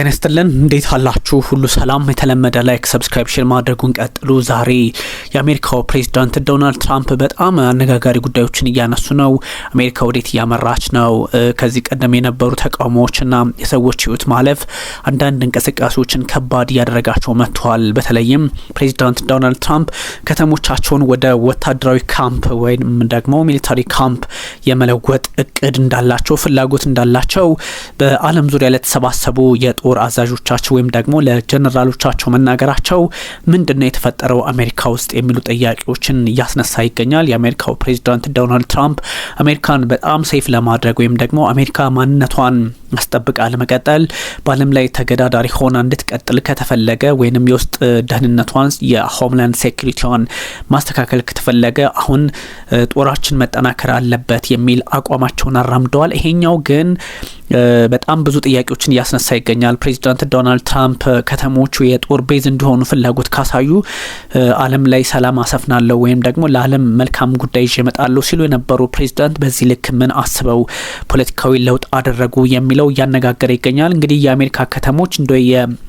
ጤና ይስጥልን እንዴት አላችሁ? ሁሉ ሰላም። የተለመደ ላይክ ሰብስክሪፕሽን ማድረጉን ቀጥሉ። ዛሬ የአሜሪካው ፕሬዚዳንት ዶናልድ ትራምፕ በጣም አነጋጋሪ ጉዳዮችን እያነሱ ነው። አሜሪካ ወዴት እያመራች ነው? ከዚህ ቀደም የነበሩ ተቃውሞዎችና የሰዎች ሕይወት ማለፍ አንዳንድ እንቅስቃሴዎችን ከባድ እያደረጋቸው መጥተዋል። በተለይም ፕሬዚዳንት ዶናልድ ትራምፕ ከተሞቻቸውን ወደ ወታደራዊ ካምፕ ወይም ደግሞ ሚሊታሪ ካምፕ የመለወጥ እቅድ እንዳላቸው ፍላጎት እንዳላቸው በዓለም ዙሪያ ለተሰባሰቡ የጦር አዛዦቻቸው ወይም ደግሞ ለጀነራሎቻቸው መናገራቸው ምንድን ነው የተፈጠረው አሜሪካ ውስጥ የሚሉ ጥያቄዎችን እያስነሳ ይገኛል። የአሜሪካው ፕሬዚዳንት ዶናልድ ትራምፕ አሜሪካን በጣም ሴፍ ለማድረግ ወይም ደግሞ አሜሪካ ማንነቷን አስጠብቃ ለመቀጠል በዓለም ላይ ተገዳዳሪ ሆና እንድትቀጥል ከተፈለገ ወይንም የውስጥ ደህንነቷን የሆምላንድ ሴኩሪቲዋን ማስተካከል ከተፈለገ አሁን ጦራችን መጠናከር አለበት የሚል አቋማቸውን አራምደዋል። ይሄኛው ግን በጣም ብዙ ጥያቄዎችን እያስነሳ ይገኛል። ፕሬዚዳንት ዶናልድ ትራምፕ ከተሞቹ የጦር ቤዝ እንዲሆኑ ፍላጎት ካሳዩ ዓለም ላይ ሰላም አሰፍናለሁ ወይም ደግሞ ለዓለም መልካም ጉዳይ ይዤ እመጣለሁ ሲሉ የነበሩ ፕሬዚዳንት በዚህ ልክ ምን አስበው ፖለቲካዊ ለውጥ አደረጉ የሚለው እያነጋገረ ይገኛል። እንግዲህ የአሜሪካ ከተሞች እንደ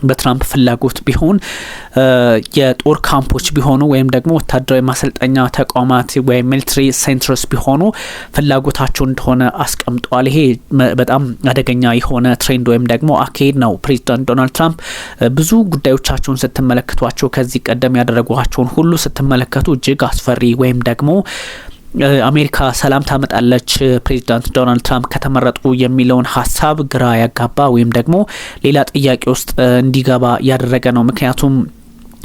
በትራምፕ ፍላጎት ቢሆን የጦር ካምፖች ቢሆኑ ወይም ደግሞ ወታደራዊ ማሰልጠኛ ተቋማት ወይም ሚሊትሪ ሴንትርስ ቢሆኑ ፍላጎታቸው እንደሆነ አስቀምጠዋል። ይሄ በጣም አደገኛ የሆነ ትሬንድ ወይም ደግሞ አካሄድ ነው። ፕሬዚዳንት ዶናልድ ትራምፕ ብዙ ጉዳዮቻቸውን ስትመለከቷቸው ከዚህ ቀደም ያደረጓቸውን ሁሉ ስትመለከቱ እጅግ አስፈሪ ወይም ደግሞ አሜሪካ ሰላም ታመጣለች ፕሬዚዳንት ዶናልድ ትራምፕ ከተመረጡ የሚለውን ሀሳብ ግራ ያጋባ ወይም ደግሞ ሌላ ጥያቄ ውስጥ እንዲገባ ያደረገ ነው ምክንያቱም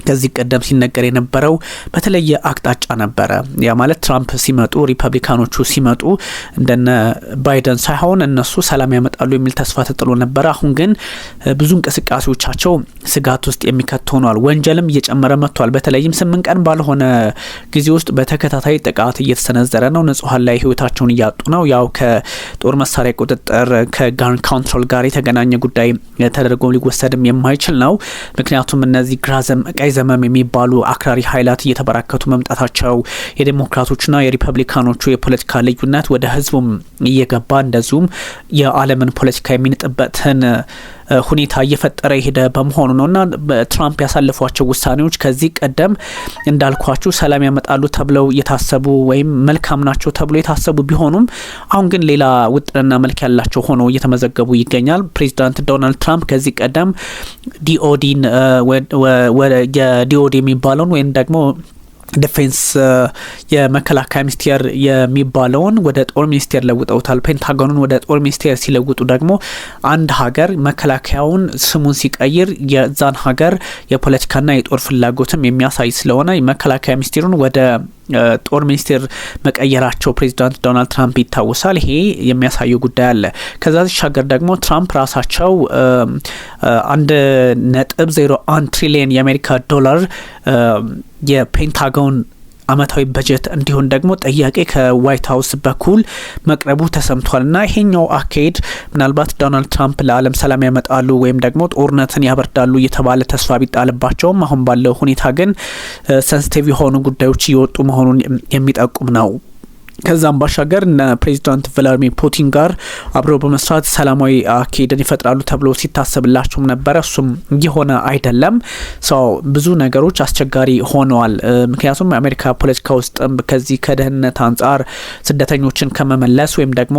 ከዚህ ቀደም ሲነገር የነበረው በተለየ አቅጣጫ ነበረ። ያ ማለት ትራምፕ ሲመጡ ሪፐብሊካኖቹ ሲመጡ እንደነ ባይደን ሳይሆን እነሱ ሰላም ያመጣሉ የሚል ተስፋ ተጥሎ ነበረ። አሁን ግን ብዙ እንቅስቃሴዎቻቸው ስጋት ውስጥ የሚከት ሆኗል። ወንጀልም እየጨመረ መጥቷል። በተለይም ስምንት ቀን ባልሆነ ጊዜ ውስጥ በተከታታይ ጥቃት እየተሰነዘረ ነው። ንጹሀን ላይ ህይወታቸውን እያጡ ነው። ያው ከጦር መሳሪያ ቁጥጥር ከጋን ካንትሮል ጋር የተገናኘ ጉዳይ ተደርጎ ሊወሰድም የማይችል ነው። ምክንያቱም እነዚህ ግራዘም ቀይ ዘመም የሚባሉ አክራሪ ኃይላት እየተበራከቱ መምጣታቸው የዴሞክራቶችና የሪፐብሊካኖቹ የፖለቲካ ልዩነት ወደ ህዝቡም እየገባ እንደዚሁም የዓለምን ፖለቲካ የሚንጥበትን ሁኔታ እየፈጠረ የሄደ በመሆኑ ነውና ትራምፕ ያሳለፏቸው ውሳኔዎች ከዚህ ቀደም እንዳልኳችሁ ሰላም ያመጣሉ ተብለው የታሰቡ ወይም መልካም ናቸው ተብሎ የታሰቡ ቢሆኑም አሁን ግን ሌላ ውጥንና መልክ ያላቸው ሆነው እየተመዘገቡ ይገኛል። ፕሬዚዳንት ዶናልድ ትራምፕ ከዚህ ቀደም ዲኦዲን የዲኦዲ የሚባለውን ወይም ደግሞ ዲፌንስ የመከላከያ ሚኒስቴር የሚባለውን ወደ ጦር ሚኒስቴር ለውጠውታል። ፔንታጎኑን ወደ ጦር ሚኒስቴር ሲለውጡ ደግሞ አንድ ሀገር መከላከያውን ስሙን ሲቀይር የዛን ሀገር የፖለቲካና የጦር ፍላጎትም የሚያሳይ ስለሆነ መከላከያ ሚኒስቴሩን ወደ ጦር ሚኒስቴር መቀየራቸው ፕሬዚዳንት ዶናልድ ትራምፕ ይታወሳል። ይሄ የሚያሳየው ጉዳይ አለ። ከዛ ሲሻገር ደግሞ ትራምፕ ራሳቸው አንድ ነጥብ ዜሮ አንድ ትሪሊየን የአሜሪካ ዶላር የፔንታጎን አመታዊ በጀት እንዲሆን ደግሞ ጥያቄ ከዋይት ሀውስ በኩል መቅረቡ ተሰምቷል እና ይሄኛው አካሄድ ምናልባት ዶናልድ ትራምፕ ለዓለም ሰላም ያመጣሉ ወይም ደግሞ ጦርነትን ያበርዳሉ እየተባለ ተስፋ ቢጣልባቸውም አሁን ባለው ሁኔታ ግን ሰንስቲቭ የሆኑ ጉዳዮች እየወጡ መሆኑን የሚጠቁም ነው። ከዛም ባሻገር እነ ፕሬዚዳንት ቭላዲሚር ፑቲን ጋር አብረው በመስራት ሰላማዊ አካሄድን ይፈጥራሉ ተብሎ ሲታሰብላቸውም ነበረ። እሱም የሆነ አይደለም። ሰው ብዙ ነገሮች አስቸጋሪ ሆነዋል። ምክንያቱም የአሜሪካ ፖለቲካ ውስጥም ከዚህ ከደህንነት አንጻር ስደተኞችን ከመመለስ ወይም ደግሞ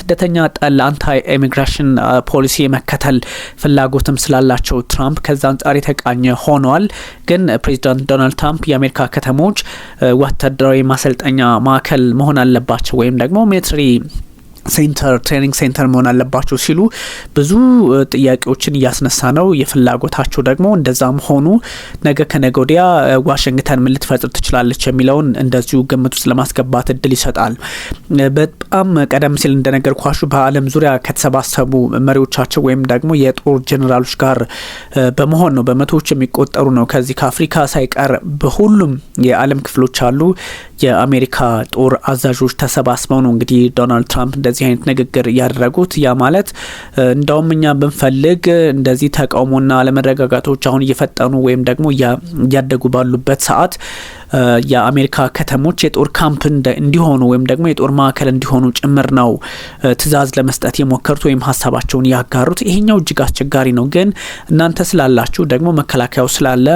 ስደተኛ ጠል አንታይ ኢሚግሬሽን ፖሊሲ የመከተል ፍላጎትም ስላላቸው ትራምፕ ከዛ አንጻር የተቃኘ ሆነዋል። ግን ፕሬዚዳንት ዶናልድ ትራምፕ የአሜሪካ ከተሞች ወታደራዊ ማሰልጠኛ ማዕከል መሆን አለባቸው ወይም ደግሞ ሜትሪ ሴንተር ትሬኒንግ ሴንተር መሆን አለባቸው ሲሉ ብዙ ጥያቄዎችን እያስነሳ ነው። የፍላጎታቸው ደግሞ እንደዛም ሆኑ ነገ ከነገ ወዲያ ዋሽንግተን ምን ልትፈጥር ትችላለች የሚለውን እንደዚሁ ግምት ውስጥ ለማስገባት እድል ይሰጣል። በጣም ቀደም ሲል እንደነገርኳችሁ በዓለም ዙሪያ ከተሰባሰቡ መሪዎቻቸው ወይም ደግሞ የጦር ጀኔራሎች ጋር በመሆን ነው። በመቶዎች የሚቆጠሩ ነው። ከዚህ ከአፍሪካ ሳይቀር በሁሉም የዓለም ክፍሎች አሉ የአሜሪካ ጦር አዛዦች ተሰባስበው ነው እንግዲህ ዶናልድ ትራምፕ እንደዚህ አይነት ንግግር ያደረጉት። ያ ማለት እንዳውም እኛ ብንፈልግ እንደዚህ ተቃውሞና አለመረጋጋቶች አሁን እየፈጠኑ ወይም ደግሞ እያደጉ ባሉበት ሰዓት የአሜሪካ ከተሞች የጦር ካምፕ እንዲሆኑ ወይም ደግሞ የጦር ማዕከል እንዲሆኑ ጭምር ነው ትዕዛዝ ለመስጠት የሞከሩት ወይም ሀሳባቸውን ያጋሩት። ይሄኛው እጅግ አስቸጋሪ ነው። ግን እናንተ ስላላችሁ ደግሞ መከላከያው ስላለ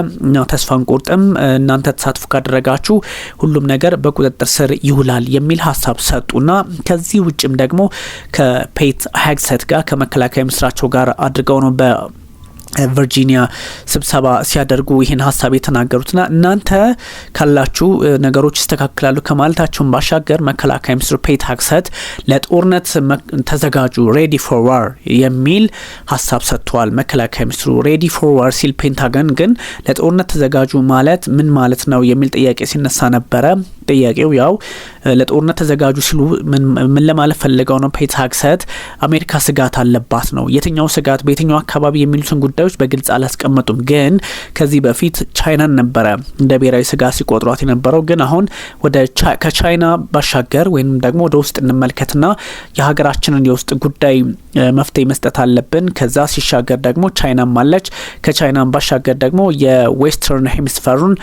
ተስፋ አንቆርጥም፣ እናንተ ተሳትፎ ካደረጋችሁ ሁሉም ነገር በቁጥጥር ስር ይውላል የሚል ሀሳብ ሰጡና ከዚህ ውጭም ደግሞ ከፔት ሄግሴት ጋር ከመከላከያ ሚኒስትራቸው ጋር አድርገው ነው በ ቨርጂኒያ ስብሰባ ሲያደርጉ ይህን ሀሳብ የተናገሩትና እናንተ ካላችሁ ነገሮች ይስተካከላሉ ከማለታቸውን ባሻገር መከላከያ ሚኒስትር ፔት ሀግሰት ለጦርነት ተዘጋጁ ሬዲ ፎር ዋር የሚል ሀሳብ ሰጥተዋል። መከላከያ ሚኒስትሩ ሬዲ ፎር ዋር ሲል ፔንታገን ግን ለጦርነት ተዘጋጁ ማለት ምን ማለት ነው የሚል ጥያቄ ሲነሳ ነበረ። ጥያቄው ያው ለጦርነት ተዘጋጁ ሲሉ ምን ለማለት ፈልገው ነው? ፔት አሜሪካ ስጋት አለባት ነው። የትኛው ስጋት በየትኛው አካባቢ የሚሉትን ጉዳዮች በግልጽ አላስቀመጡም። ግን ከዚህ በፊት ቻይናን ነበረ እንደ ብሔራዊ ስጋት ሲቆጥሯት የነበረው። ግን አሁን ወደ ከቻይና ባሻገር ወይም ደግሞ ወደ ውስጥ እንመልከትና የሀገራችንን የውስጥ ጉዳይ መፍትሄ መስጠት አለብን። ከዛ ሲሻገር ደግሞ ቻይናም አለች። ከቻይናን ባሻገር ደግሞ የዌስተርን ሄሚስፈሩን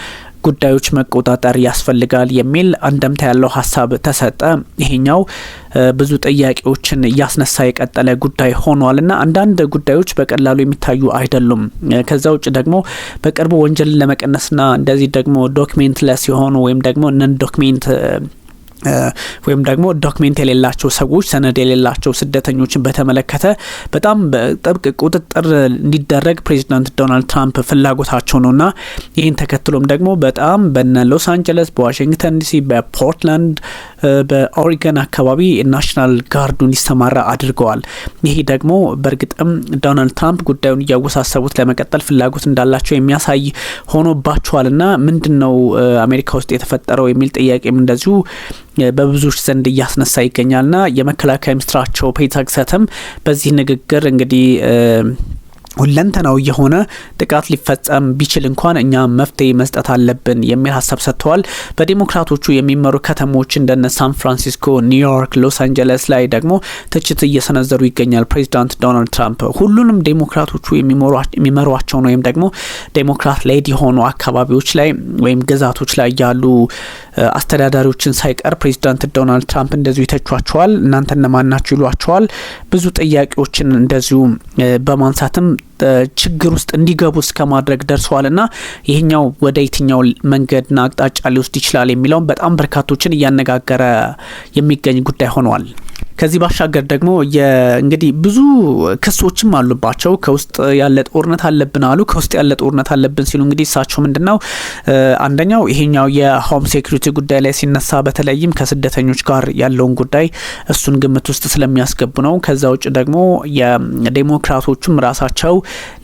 ጉዳዮች መቆጣጠር ያስፈልጋል የሚል አንደምታ ያለው ሀሳብ ተሰጠ። ይሄኛው ብዙ ጥያቄዎችን እያስነሳ የቀጠለ ጉዳይ ሆኗልና አንዳንድ ጉዳዮች በቀላሉ የሚታዩ አይደሉም። ከዛ ውጭ ደግሞ በቅርቡ ወንጀልን ለመቀነስና እንደዚህ ደግሞ ዶክሜንት ለስ የሆኑ ወይም ደግሞ እነን ዶክሜንት ወይም ደግሞ ዶክሜንት የሌላቸው ሰዎች ሰነድ የሌላቸው ስደተኞችን በተመለከተ በጣም በጥብቅ ቁጥጥር እንዲደረግ ፕሬዚዳንት ዶናልድ ትራምፕ ፍላጎታቸው ና ይህን ተከትሎም ደግሞ በጣም በነ ሎስ አንጀለስ፣ በዋሽንግተን ዲሲ፣ በፖርትላንድ፣ በኦሪገን አካባቢ ናሽናል ጋርዱ እንዲሰማራ አድርገዋል። ይሄ ደግሞ በእርግጥም ዶናልድ ትራምፕ ጉዳዩን እያወሳሰቡት ለመቀጠል ፍላጎት እንዳላቸው የሚያሳይ ና ምንድን ነው አሜሪካ ውስጥ የተፈጠረው የሚል ጥያቄም እንደዚሁ በብዙዎች ዘንድ እያስነሳ ይገኛልና የመከላከያ ሚኒስትራቸው ፔተር ሰተም በዚህ ንግግር እንግዲህ ሁለንተናዊ የሆነ ጥቃት ሊፈጸም ቢችል እንኳን እኛ መፍትሄ መስጠት አለብን የሚል ሀሳብ ሰጥተዋል። በዲሞክራቶቹ የሚመሩ ከተሞች እንደነ ሳን ፍራንሲስኮ፣ ኒውዮርክ፣ ሎስ አንጀለስ ላይ ደግሞ ትችት እየሰነዘሩ ይገኛል። ፕሬዚዳንት ዶናልድ ትራምፕ ሁሉንም ዴሞክራቶቹ የሚመሯቸውን ወይም ደግሞ ዴሞክራት ሌድ የሆኑ አካባቢዎች ላይ ወይም ግዛቶች ላይ ያሉ አስተዳዳሪዎችን ሳይቀር ፕሬዚዳንት ዶናልድ ትራምፕ እንደዚሁ ይተቿቸዋል። እናንተ እነማን ናችሁ ይሏቸዋል። ብዙ ጥያቄዎችን እንደዚሁ በማንሳትም ችግር ውስጥ እንዲገቡ እስከ ማድረግ ደርሰዋል ና ይህኛው ወደ የትኛው መንገድና አቅጣጫ ሊወስድ ይችላል የሚለውን በጣም በርካቶችን እያነጋገረ የሚገኝ ጉዳይ ሆኗል ከዚህ ባሻገር ደግሞ እንግዲህ ብዙ ክሶችም አሉባቸው። ከውስጥ ያለ ጦርነት አለብን አሉ። ከውስጥ ያለ ጦርነት አለብን ሲሉ እንግዲህ እሳቸው ምንድን ነው አንደኛው ይሄኛው የሆም ሴኩሪቲ ጉዳይ ላይ ሲነሳ በተለይም ከስደተኞች ጋር ያለውን ጉዳይ እሱን ግምት ውስጥ ስለሚያስገቡ ነው። ከዛ ውጭ ደግሞ የዴሞክራቶቹም ራሳቸው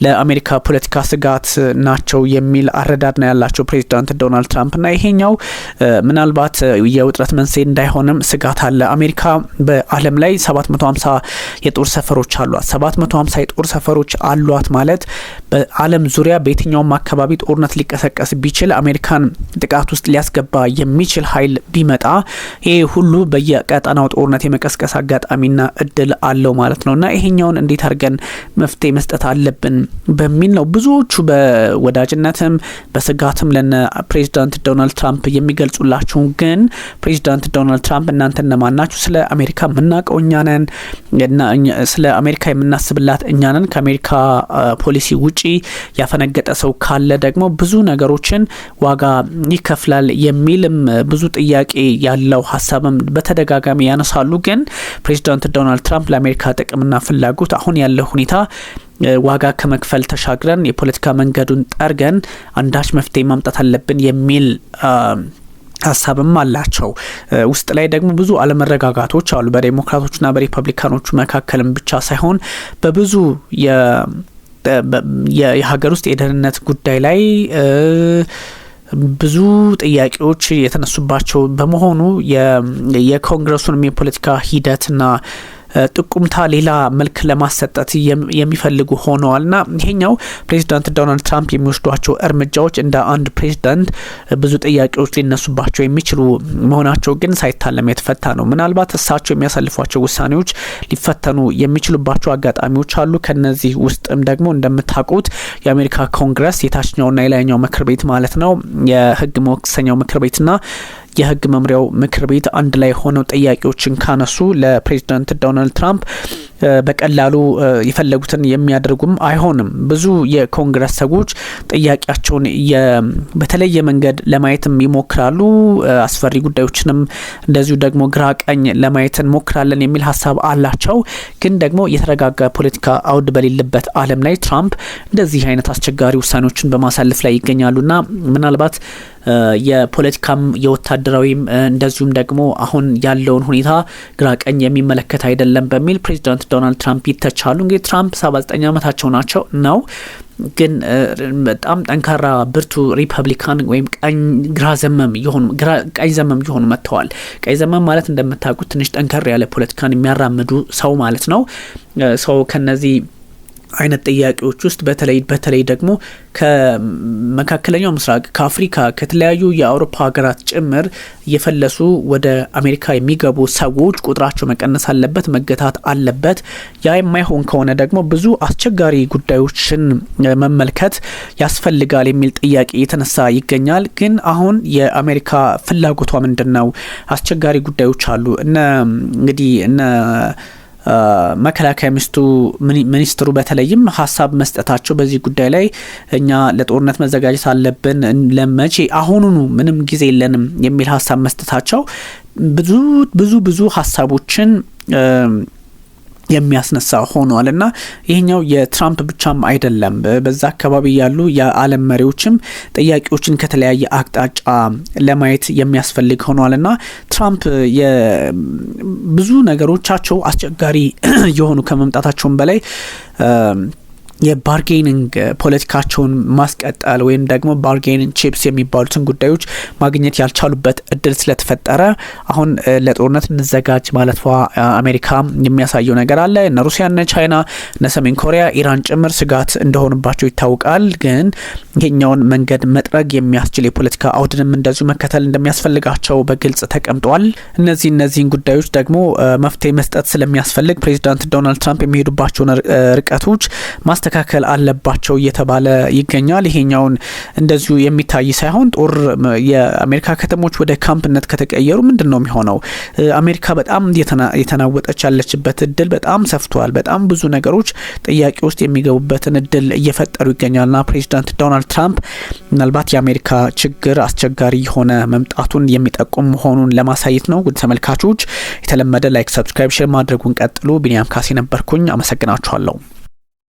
ለአሜሪካ ፖለቲካ ስጋት ናቸው የሚል አረዳድ ነው ያላቸው ፕሬዚዳንት ዶናልድ ትራምፕ እና ይሄኛው ምናልባት የውጥረት መንስኤ እንዳይሆንም ስጋት አለ አሜሪካ ዓለም ላይ 750 የጦር ሰፈሮች አሏት። 750 የጦር ሰፈሮች አሏት ማለት በዓለም ዙሪያ በየትኛውም አካባቢ ጦርነት ሊቀሰቀስ ቢችል አሜሪካን ጥቃት ውስጥ ሊያስገባ የሚችል ኃይል ቢመጣ ይህ ሁሉ በየቀጠናው ጦርነት የመቀስቀስ አጋጣሚና እድል አለው ማለት ነው እና ይሄኛውን እንዴት አድርገን መፍትሄ መስጠት አለብን በሚል ነው ብዙዎቹ በወዳጅነትም በስጋትም ለነ ፕሬዚዳንት ዶናልድ ትራምፕ የሚገልጹላችሁ። ግን ፕሬዚዳንት ዶናልድ ትራምፕ እናንተ እነማን ናችሁ? ስለ አሜሪካ ምና የምናውቀው እኛ ነን፣ ስለ አሜሪካ የምናስብላት እኛ ነን። ከአሜሪካ ፖሊሲ ውጪ ያፈነገጠ ሰው ካለ ደግሞ ብዙ ነገሮችን ዋጋ ይከፍላል የሚልም ብዙ ጥያቄ ያለው ሀሳብም በተደጋጋሚ ያነሳሉ። ግን ፕሬዚዳንት ዶናልድ ትራምፕ ለአሜሪካ ጥቅምና ፍላጎት አሁን ያለው ሁኔታ ዋጋ ከመክፈል ተሻግረን የፖለቲካ መንገዱን ጠርገን አንዳች መፍትሄ ማምጣት አለብን የሚል ሀሳብም አላቸው። ውስጥ ላይ ደግሞ ብዙ አለመረጋጋቶች አሉ በዴሞክራቶችና በሪፐብሊካኖቹ መካከልም ብቻ ሳይሆን በብዙ የሀገር ውስጥ የደህንነት ጉዳይ ላይ ብዙ ጥያቄዎች የተነሱባቸው በመሆኑ የኮንግረሱንም የፖለቲካ ሂደትና ጥቁምታ ሌላ መልክ ለማሰጠት የሚፈልጉ ና ይሄኛው ፕሬዚዳንት ዶናልድ ትራምፕ የሚወስዷቸው እርምጃዎች እንደ አንድ ፕሬዚዳንት ብዙ ጥያቄዎች ሊነሱባቸው የሚችሉ መሆናቸው ግን ሳይታለም የተፈታ ነው። ምናልባት እሳቸው የሚያሳልፏቸው ውሳኔዎች ሊፈተኑ የሚችሉባቸው አጋጣሚዎች አሉ። ከነዚህ ውስጥም ደግሞ እንደምታውቁት የአሜሪካ ኮንግረስ የታችኛውና የላይኛው ምክር ቤት ማለት ነው የህግ መወሰኛው ምክር ቤትና የህግ መምሪያው ምክር ቤት አንድ ላይ ሆነው ጥያቄዎችን ካነሱ ለፕሬዚዳንት ዶናልድ ትራምፕ በቀላሉ የፈለጉትን የሚያደርጉም አይሆንም። ብዙ የኮንግረስ ሰዎች ጥያቄያቸውን በተለየ መንገድ ለማየትም ይሞክራሉ። አስፈሪ ጉዳዮችንም እንደዚሁ ደግሞ ግራ ቀኝ ለማየት እንሞክራለን የሚል ሀሳብ አላቸው። ግን ደግሞ የተረጋጋ ፖለቲካ አውድ በሌለበት ዓለም ላይ ትራምፕ እንደዚህ አይነት አስቸጋሪ ውሳኔዎችን በማሳለፍ ላይ ይገኛሉና ምናልባት የፖለቲካም የወታደራዊም እንደዚሁም ደግሞ አሁን ያለውን ሁኔታ ግራ ቀኝ የሚመለከት አይደለም በሚል ፕሬዚዳንት ዶናልድ ትራምፕ ይተቻሉ። እንግዲህ ትራምፕ 79 ዓመታቸው ናቸው ነው ግን በጣም ጠንካራ ብርቱ ሪፐብሊካን ወይም ቀኝ ግራ ዘመም የሆኑ ቀኝ ዘመም የሆኑ መጥተዋል። ቀኝ ዘመም ማለት እንደምታውቁት ትንሽ ጠንከር ያለ ፖለቲካን የሚያራምዱ ሰው ማለት ነው። ሰው ከነዚህ አይነት ጥያቄዎች ውስጥ በተለይ በተለይ ደግሞ ከመካከለኛው ምስራቅ ከአፍሪካ ከተለያዩ የአውሮፓ ሀገራት ጭምር እየፈለሱ ወደ አሜሪካ የሚገቡ ሰዎች ቁጥራቸው መቀነስ አለበት፣ መገታት አለበት። ያ የማይሆን ከሆነ ደግሞ ብዙ አስቸጋሪ ጉዳዮችን መመልከት ያስፈልጋል የሚል ጥያቄ የተነሳ ይገኛል። ግን አሁን የአሜሪካ ፍላጎቷ ምንድን ነው? አስቸጋሪ ጉዳዮች አሉ እነ እንግዲህ እነ መከላከያ ሚኒስቱ ሚኒስትሩ በተለይም ሀሳብ መስጠታቸው በዚህ ጉዳይ ላይ እኛ ለጦርነት መዘጋጀት አለብን ለመቼ አሁኑኑ ምንም ጊዜ የለንም የሚል ሀሳብ መስጠታቸው ብዙ ብዙ ብዙ ሀሳቦችን የሚያስነሳ ሆኗል እና ይህኛው የትራምፕ ብቻም አይደለም። በዛ አካባቢ ያሉ የዓለም መሪዎችም ጥያቄዎችን ከተለያየ አቅጣጫ ለማየት የሚያስፈልግ ሆኗል እና ትራምፕ ብዙ ነገሮቻቸው አስቸጋሪ የሆኑ ከመምጣታቸውም በላይ የባርጌኒንግ ፖለቲካቸውን ማስቀጠል ወይም ደግሞ ባርጌኒንግ ቺፕስ የሚባሉትን ጉዳዮች ማግኘት ያልቻሉበት እድል ስለተፈጠረ አሁን ለጦርነት እንዘጋጅ ማለቷ አሜሪካ የሚያሳየው ነገር አለ። እነ ሩሲያ፣ እነ ቻይና፣ እነ ሰሜን ኮሪያ፣ ኢራን ጭምር ስጋት እንደሆኑባቸው ይታወቃል። ግን ይሄኛውን መንገድ መጥረግ የሚያስችል የፖለቲካ አውድንም እንደዚሁ መከተል እንደሚያስፈልጋቸው በግልጽ ተቀምጧል። እነዚህ እነዚህን ጉዳዮች ደግሞ መፍትሄ መስጠት ስለሚያስፈልግ ፕሬዚዳንት ዶናልድ ትራምፕ የሚሄዱባቸውን ርቀቶች መስተካከል አለባቸው እየተባለ ይገኛል። ይሄኛውን እንደዚሁ የሚታይ ሳይሆን ጦር የአሜሪካ ከተሞች ወደ ካምፕነት ከተቀየሩ ምንድን ነው የሚሆነው? አሜሪካ በጣም የተናወጠች ያለችበት እድል በጣም ሰፍቷል። በጣም ብዙ ነገሮች ጥያቄ ውስጥ የሚገቡበትን እድል እየፈጠሩ ና ፕሬዚዳንት ዶናልድ ትራምፕ ምናልባት የአሜሪካ ችግር አስቸጋሪ የሆነ መምጣቱን የሚጠቁም መሆኑን ለማሳየት ነው። ውድ ተመልካቾች የተለመደ ላይክ፣ ሰብስክራይብ፣ ሼር ማድረጉን ቀጥሉ። ቢኒያም ካሴ ነበርኩኝ። አመሰግናችኋለሁ።